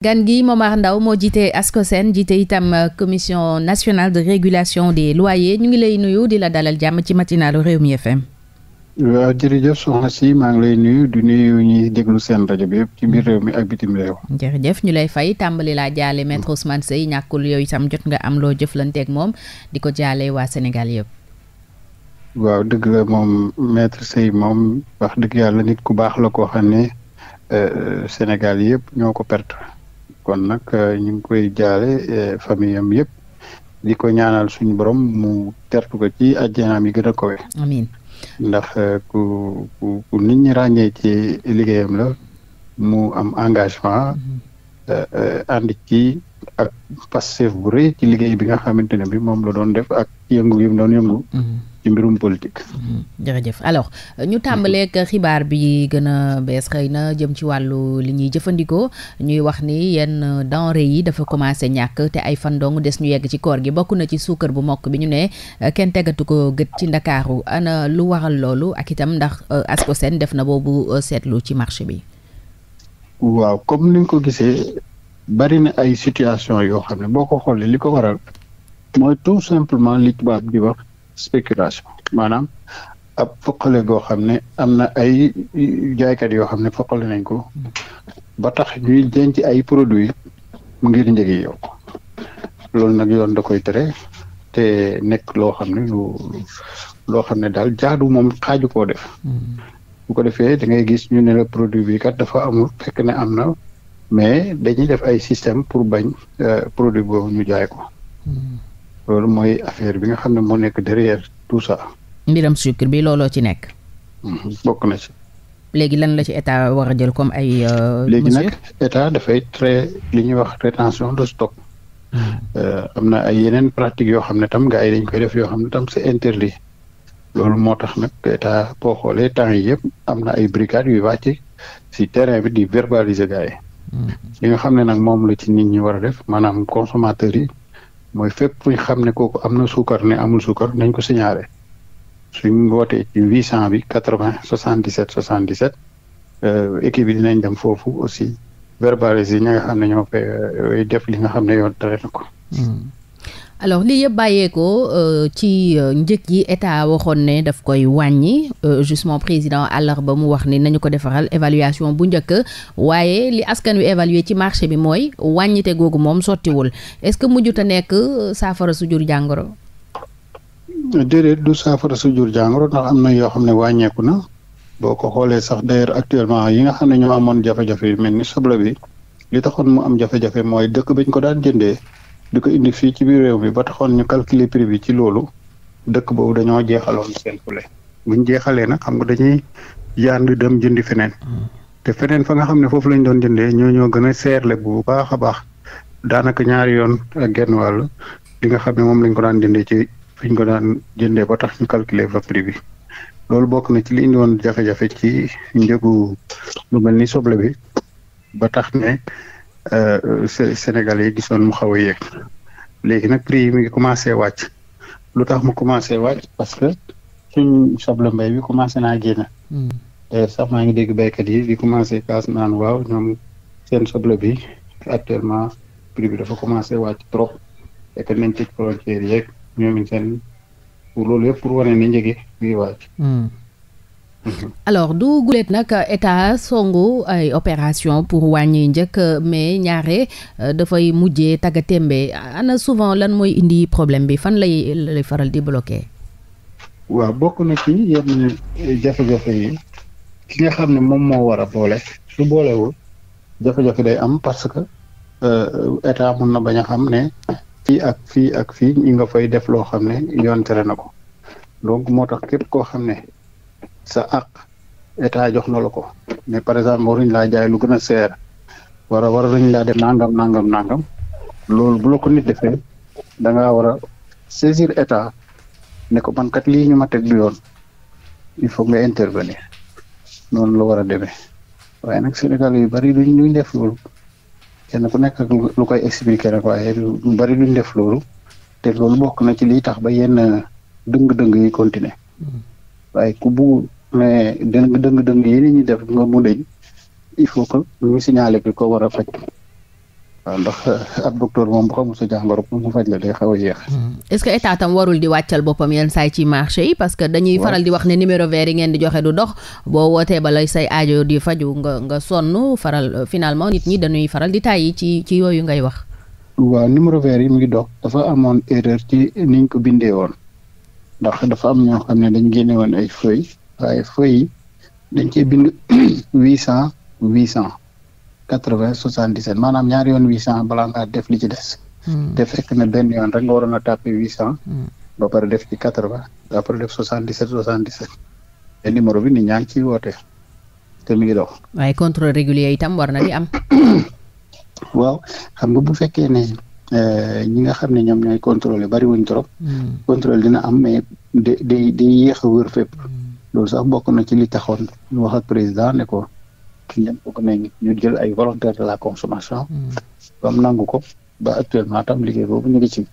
gan gi Momar ndaw moo jiite seen jiite itam euh, commission national de régulation des loyers ñu ngi lay nuyu di la dalal jàmm ci matinalu Rewmi FM waaw jërëjëf soxna si maa ngi lay nuyu di nuyu ñuy déglu seen rajo bi yëpp ci biir réew mi ak bitim réew jërëjëf ñu lay fay tàmbali laa jaale maître Ousmane Seye ñàkkul yooyu itam jot nga am loo jëflanteeg moom di ko jaale waa senegal yëpp waaw dëgg la moom maître Seye moom wax dëgg yàlla nit ku baax la koo xam ne euh, Sénégal yëpp ñoo ko perte kon nag euh, ñu ngi koy jaale euh, famille am yëpp di ko ñaanal suñu borom mu tertu ko ci àjjanaam yi gën a kowe ndax euh, ku ku ku nit ñi ràññee ci liggéeyam la mu am engagement mm-hmm. ànd ci ak passef bu rëy ci liggéey bi nga xamante ne bi moom la doon def ak yëngu yi mu doon yëngu mm-hmm. ci mbirum politique. Mm-hmm. jërëjëf alors ñu tàmbaleeg xibaar bi gën a bees xëy na jëm ci wàllu li ñuy jëfandikoo ñuy wax ni yenn denrée yi dafa commencé ñàkk te ay fan dong des ñu yegg ci koor gi bokk na ci suukar bu mokk bi ñu ne kenn tegatu ko gët ci ndakaaru ana lu waral loolu ak itam ndax euh, Ascosen def na boobu euh, seetlu ci marché bi. waaw comme ni nga ko gisee bari na ay situation yoo xam ne boo ko xoolee li ko waral mooy tout simplement li tubaab di wax. spéculation maanaam ab foqale goo xam ne am na ay jaaykat yoo xam ne foqale nañ ko ba tax ñuy denc ay produits ngir njëg yi yokk nag yoon da koy tere te nekk loo xam ne lu loo xam ne daal jaadu moom xaaju koo def. bu mm-hmm. ko defee da ngay gis ñu ne produit bi kat dafa amul fekk ne am na mais dañuy def ay système pour bañ euh, produit boobu ñu jaay ko. Mm-hmm. loolu mooy affaire bi nga xam ne moo nekk derrière tout ça. mbiram sucre bi looloo ci nekk. Mhm, bokk na ci. léegi lan la ci état war a jël comme ay. mesures léegi nag état dafay très li ñuy wax rétention de stock. Hmm. Euh, am na ay yeneen pratiques yoo xam ne tam nga ay dañ koy def yoo xam ne tam c'est interdit. loolu moo tax nag état boo xoolee temps yi yëpp am na ay brigades yuy wàcc ci terrain bi di verbaliser gars yi. Hmm. li nga xam ne nag moom la ci nit ñi war a def maanaam consommateurs yi mooy fépp fu ñu xam ne kooku am na suukar ne amul suukar nañ ko signalé suñ wootee ci huit cent bi quatre vingt soixante dix sept soixante dix sept euh, équipe bi dinañ dem foofu aussi verbaliser ñi nga xam ne ñoo fay euh, def li nga xam ne yoon tere ko. Hmm. alors lii yëpp bàyyeekoo euh, ci euh, njëg yi état waxoon ne daf koy wàññi euh, justement président àllarba mu wax ni nañu ko defaral évaluation bu njëkk waaye li askan wi évaluer ci marché bi mooy wàññite googu moom sottiwul est-ce que mujjut a nekk saafara su jur jàngoro. déedéet du saafara su jur jàngoro ndax am na yoo xam ne wàññeeku na boo ko xoolee sax d'ailleurs actuellement yi nga xam ne ñoo amoon jafe-jafe yu mel ni soble bi li taxoon mu am jafe-jafe mooy dëkk bañ ñu ko daan jëndee. di ko indi fii ci biir réew mi ba taxoon ñu calculer prix bi ci loolu dëkk boobu dañoo jeexaloon seen poulet buñ jeexalee nag xam nga dañuy yand dem jëndi feneen mm. te feneen fa nga xam ne foofu lañ doon jëndee ñoo ñoo gën a seerle bu baax a baax daanaka ñaari yoon ak genn wàll li nga xam ne moom lañ ko daan jëndee ci fiñ ko daan jëndee ba tax ñu calculer fa prix bi loolu bokk na ci li indi woon jafe-jafe ci njëgu lu mel ni soble bi ba tax ne Euh, sénégal yi gisoon mu xaw a yéeg léegi nag prix yi mi ngi commencé wàcc lu tax mu commencé wàcc parce que suñ soble mbay bi commencé naa génn. Hmm. sax maa ngi dégg béykat yi di commencé kaas naan waaw ñoom seen soble bi actuellement prix bi dafa commencé wàcc trop et que nañ tëj frontière yeeg ñoom seen pour loolu yëpp pour wane ne njëgi bii wàcc. Hmm. alors du gulet nag état songu ay opération pour wàññi njëkk mais ñaare euh, dafay mujjee taggatémbe ana souvent lan mooy indi problème bi fan lay lay faral di bloqué. waaw bokk na ci yenn jafe-jafe yi ki nga xam ne moom moo war a boole su boolewul jafe-jafe day am parce que euh, état mën na bañ xam ne fii ak fii ak fii ñi nga fay def loo xam ne yoon tere na ko donc moo tax képp koo xam ne. sa àq état jox na la ko mais par exemple waruñ laa jaay lu gën a seer wara a war nañ laa def nangam nangam nangam loolu bu la ko nit defee da ngaa war a saisir état ne ko man kat lii ñu ma teg du yoon il faut nga intervenir noonu la war a demee waaye nag Sénégal yu bari duñ duñ def loolu kenn ku nekk ak koy expliquer rek waaye lu bari duñ def loolu te loolu bokk na ci liy tax ba yenn dëng-dëng yi continuer hmm. waaye ku bugg mais dëng dëng dëng yi ni ñuy def nga mu deñ il faut que ñu signaler bi ko war a faj waaw ndox ab docteur moom bu xamul sa jàngoro pour mu faj la day xaw a yéex. Mm-hmm. est-ce que état tam warul di wàccal boppam yenn saay ci marché yi parce que dañuy faral di wax ne numéro vert yi ngeen di joxe du dox boo wootee ba say aajo di faju nga nga sonn faral finalement nit ñi dañuy faral di tàyyi ci ci yooyu ngay wax. waaw numéro vert yi mu ngi dox dafa amoon erreur ci niñ ko bindee woon. ndax dafa am ñoo xam ne dañ génne woon ay feuilles waaye dañ cee bind huit cent huit cent quatre vingt soixante dix sept maanaam ñaari yoon huit cent balaa ngaa def li ci des. Hmm. te fekk na benn o rek nga waroon a tàppe huit cent. Hmm. ba pare def ci ba pare def soixante dix sept soixante dix sept numéro bi nit ñaa ngi woote te mi ngi dox. waaye contrôle régulier itam war na di am. waaw xam nga bu fekkee ne. Euh, ñi nga xam ne ñoom ñooy contrôler bari wuñ trop. Hmm. contrôle dina am mais day day day yéex a wër fépp. Hmm. loolu sax bokk na ci li taxoon ñu wax ak président ne ko ñu jël ay volontaires de la consommation. Hmm. ba mu nangu ko ba actuellement tam liggéey boobu ñu ngi ci.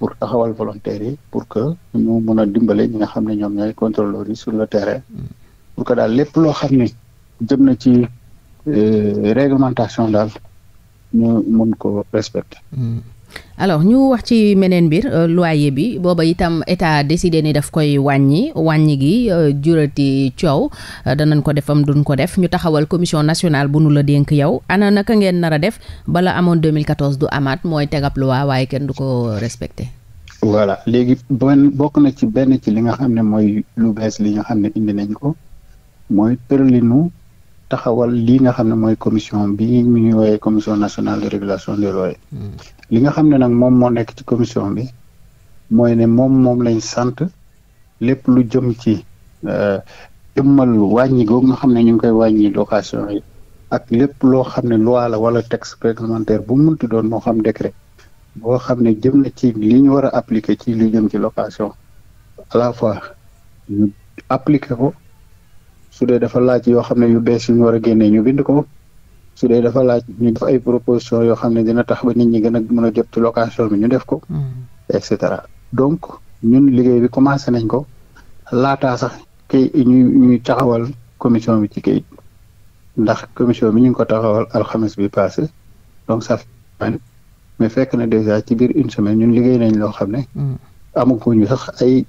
pour taxawal volontaires yi pour que ñu mën a dimbale ñi nga xam ne ñoom ñooy contrôleurs yi sur le terrain. pour que daal lépp loo xam ne jëm na ci euh, réglementation daal ñu mun ko respecter. alors ñu wax ci meneen mbir euh, loyer bi booba itam état décidé ni daf koy wàññi wàññi gi euh, jurati coow euh, danañ ko defam duñ ko def ñu taxawal commission nationale bu nu la dénk yow ana naka ngeen nar a def bala amoon 2014 du amaat mooy tegab loi waaye kenn du ko respecté. voilà léegi benn bokk na ci benn ci li nga xam ne mooy lu bees li nga xam ne indi nañ ko mooy tëralinu taxawal lii nga xam ne mooy commission bi ñuy woowee commission nationale de régulation des loyers. Hmm. li nga xam ne nag moom moo nekk ci commission bi mooy ne moom moom lañ sant lépp lu jëm ci euh, jëmmal wàññi googu nga xam ne ñu ngi koy wàññi location yi ak lépp loo xam ne loi la wala tex réglementaire bu munti doon moo xam décret boo xam ne jëm na ci li ñu war a appliquer ci lu jëm ci location à la fois ñu ko su dee dafa laaj yoo xam ne yu bees yu ñu war a génnee ñu bind ko su dee dafa laaj ñu def ay proposition yoo xam ne dina tax ba nit a mën a jot ci location bi ñu def ko. Hmm. et cetera donc ñun liggéey bi commencé nañ ko laata sax kay ñuy ñuy taxawal commission bi ci kayit ndax commission bi ñu ngi ko taxawal alxames bi passé donc ça fait mais fekk na déjà ci biir une semaine ñun liggéey nañ loo xam ne. Hmm. amaguñu sax ay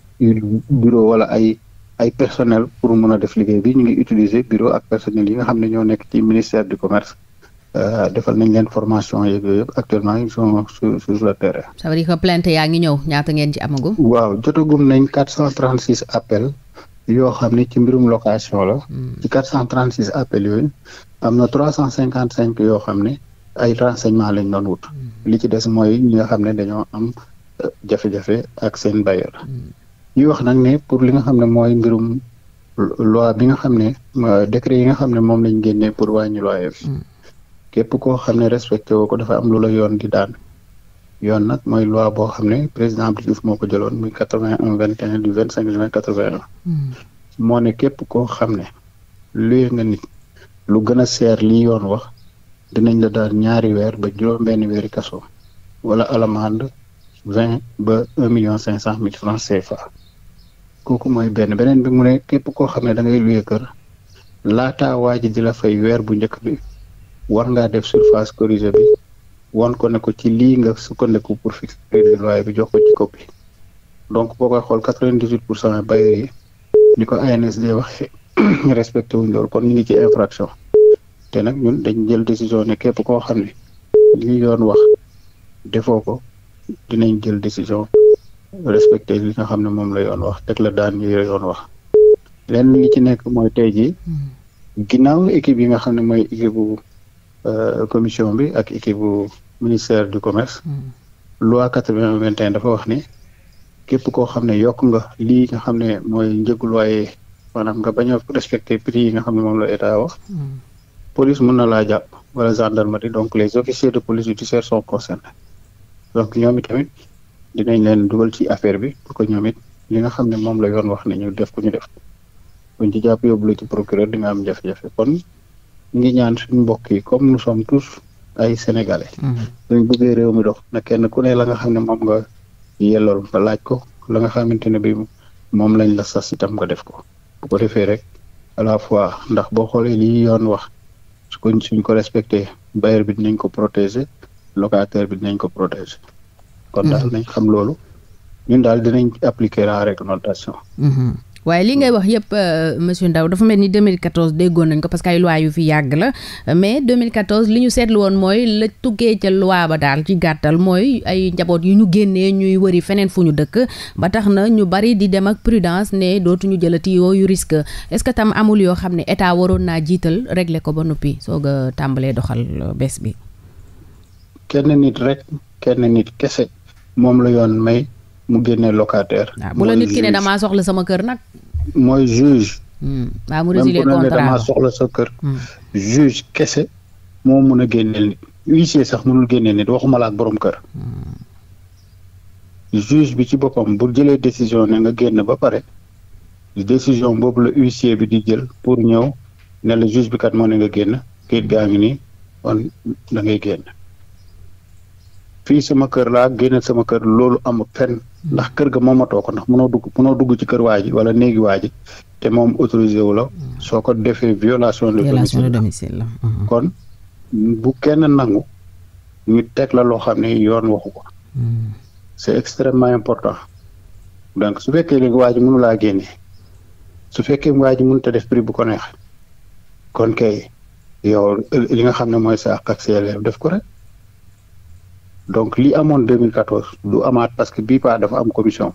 bureau wala ay. ay personnel pour mën a def liggéey bi ñu ngi utiliser bureau ak personnel yi nga xam ne ñoo nekk ci ministère du commerce euh, defal nañ leen formation yeeg yooyu yëpp actuellement ils sont sur sur le terrain. yaa ngi ñëw ñaata ngeen ama amagum. waaw jotagum nañ quatre cent trente six appels yoo xam ne ci mbirum location la. Hmm. ci quatre cent trente six appels yooyu am na trois cent cinquante cinq yoo xam ne ay renseignement lañ doon wut. Hmm. li ci des mooy ñi nga xam ne dañoo am euh, jafe-jafe ak seen bailleur. Hmm. ñuy wax nag ne pour li nga xam ne mooy mbirum loi bi nga xam ne euh, décret yi nga xam ne moom lañ génnee pour wàññi loyer hmm. képp koo xam ne respecté woo ko dafa am lu la yoon di daan yoon nag mooy loi boo xam ne président Abdou Diouf moo ko jëloon muy quatre vingt un vingt et du vingt cinq juin quatre hmm. moo ne képp koo xam ne luye nga nit lu gën a seer li yoon wax dinañ la daal ñaari weer ba juróom benn weeri kaso wala alamande ba un million cinq cent mille francs CFA kooku mooy benn beneen bi mu ne képp koo xam ne da ngay luye kër laataa waa ji di fay weer bu njëkk bi war ngaa def surface corrigée bi wan ko ne ko ci lii nga sukkandiku pour fixer waaye bi jox ko ci copie donc boo koy xool quatre-vingt-dix-huit pour cent bailleurs yi ni ko ANSD waxee respecté wuñ loolu kon ñu ngi ci infraction te nag ñun dañ jël décision ne képp koo xam ne li ñu yoon wax defoo ko dinañ jël décision respecté li nga xam ne moom la yoon wax teg la daan yi wax lenn li ci nekk mooy tey jii hmm. ginnaaw équipe yi nga xam ne mooy équipe euh, commission bi ak équipe bu ministère du commerce hmm. loi quatre-vingt vingt et un dafa wax ni képp koo xam ne yokk nga lii nga xam ne mooy njëgu loyer maanaam nga bañ a respecté prix yi nga xam ne moom la état wax hmm. police mën na laa jàpp wala gendarmerie donc les officiers de police judiciaire sont concernés donc ñoom itamit dinañ leen dugal ci affaire bi pour que ñoom it li nga xam ne moom la yoon wax ne ñu def ko ñu def buñ ci jàpp yóbbu la ci procureur di nga am jafe-jafe kon ngi ñaan suñu mbokk yi comme nous sommes tous ay sénégalais. Mm-hmm. suñ bëggee réew mi dox na ken ku ne la nga xam ne moom nga yellool nga laaj ko la nga xamante ne bi moom lañ la sas itam nga def ko bu ko defee rek à la fois ndax boo xoolee li yoon wax ko suñ ko respecté bailleur bi nañ ko protéger locataire bi dinañ ko protéger. kon daal nañ xam loolu ñun daal dinañ appliquer la réglementation. Mhm. waaye li ngay wax yëpp euh, monsieur ndaw dafa mel ni 2014 déggoon nañ ko parce que ay loi yu fi yàgg la mais 2014 li ñu seetlu woon mooy la tukkee ca loi ba daal ci gàttal mooy ay njaboot yu ñu génnee ñuy wëri feneen fu ñu dëkk ba tax na ñu bari di dem ak prudence ne dootuñu jëlati yooyu risque est-ce que tam amul yoo xam ne état waroon naa jiital régler ko ba noppi soog a tàmbalee doxal euh, bés bi. moom la yoon may mu génne locataire. waaw ah, bu la nit ki ne damaa soxla sama kër nag. mooy juge. Hmm. waaw mu résilier contrat même soxla sa kër. Hmm. kese moo mun a génneel nit huissier sax mënul génneel nit waxuma la ak borom kër. Hmm. juge bi ci boppam bu jëlee décision ne nga génn ba pare décision boobu la huissier bi di jël pour ñëw ne la juge bi kat moo ne nga génn kayit gaa ngi nii kon da ngay génn. fii sama kër laa génne sama kër loolu amul fenn ndax kër ga moomatoo ko ndax mënoo dugg mënoo dugg ci kër waa ji wala néegi waa ji te moom autorisé wu la soo ko defee violation de domicile la uh-huh. kon bu kenn nangu ñu teg la loo xam ne yoon waxu ko hmm. c'est extrêmement important donc su fekkee léegi waa ji mënu laa su fekkee waa ji mënut a def prix bu ko neex kon kay yow li nga xam ne mooy sa àq ak def ko rek donc li amoon 2014 du amaat parce que bii paa am commission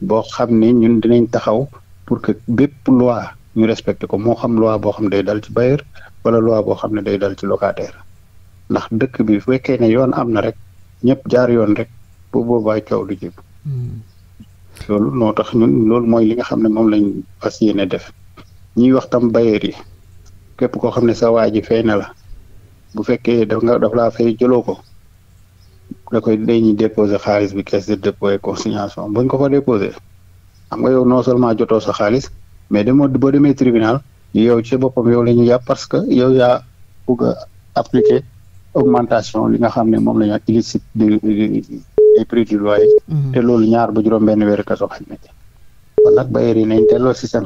boo xam ne ñun dinañ taxaw pour que bépp loi ñu respecté ko moo xam loi boo xam ne day dal ci bailleur wala boo xam ne day dal ci locataire ndax dëkk bi fekkee ne yoon am na rek ñëpp jaar yoon rek bu boobaa coow lu jëm. Hmm. loolu noo tax ñun loolu mooy li nga xam ne moom lañ fas ne def ñuy wax tam bailleur yi képp koo xam ne sa waa ji fay na la bu fekkee daf nga daf laa fay jëloo ko. da koy dañuy déposé xaalis bi caisse de dépôt consignation buñ ko fa déposé xam non seulement jotoo sa xaalis mais demoo boo demee tribunal yow ci boppam yow la ñu parce que yow yaa bugg a appliquer augmentation li nga xam ne moom la ñu illicite du des prix du loyer. Mm-hmm. te loolu ñaar ba juróom-benn weer kaso xaj na ci. kon nag bailleurs xel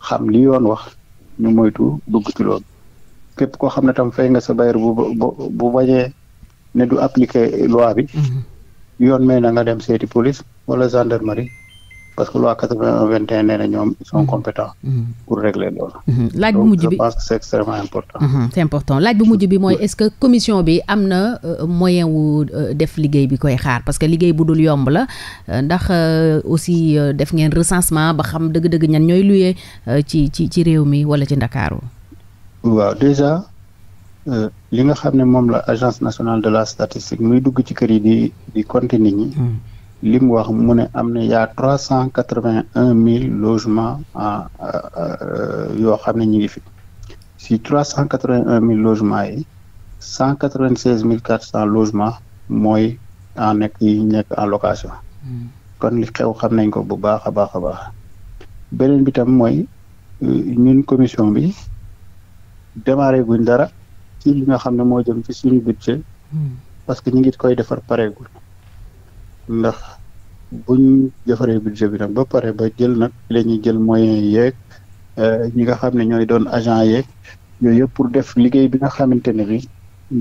xam li yoon wax ñu moytu dugg ci loolu képp koo xam ne tam fay nga sa bailleur bu bu bu ne du appliquer loi bi. Mhm. yoon may na nga dem seeti police wala gendarmerie. parce que loi quatre-vingt-un nee ñoom ils sont mhm. Mhm. pour régler loolu. laaj bu mujj bi donc important. c'est important laaj bu mujj bi mooy est-ce que commission bi am na euh, moyen wu euh, def liggéey bi koy xaar parce que liggéey bu dul yomb la euh, ndax aussi def ngeen recensement ba xam dëgg-dëgg ñan ñooy luye ci ci ci réew mi wala ci Ndakaaru. waaw déjà Euh, li nga xam ne moom la agence nationale de la statistique muy dugg ci kër yi di di compter nit hmm. li mu wax mu ne am na yaa trois cent quatre vingt un mille logements euh, yoo xam ne ñu ngi fi si trois cent quatre vingt un mille logements yi cent quatre vingt seize mille quatre cent logements mooy en nekk yi nekk en location. Hmm. kon li xew xam nañ ko bu baax a baax a baax. beneen bi tam mooy euh, ñun commission bi démarré guñ dara. ci li nga xam ne moo jëm ci suñu budget hmm. parce que ñu ngi koy defar pareegul ndax buñ defaree budget bi nag ba pare ba jël nag la ñuy jël moyens yeeg euh, ñi nga xam ne ñooy doon agent yeeg yooyu yëpp pour def liggéey bi nga xamante ne bi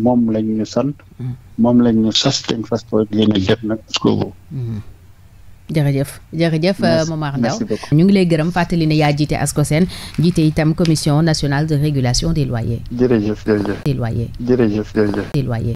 moom lañ ñu sant hmm. moom lañ ñu sas dañ fas ko génne def nag parce hmm. jërëjëf jërëjëf Momar Ndao ñu ngi lay gërëm fàttali ne yaa jiite ASCOSEN jiite itam commission nationale de régulation des loyers jërëjëf jërëjëf des loyers jërëjëf jërëjëf des loyers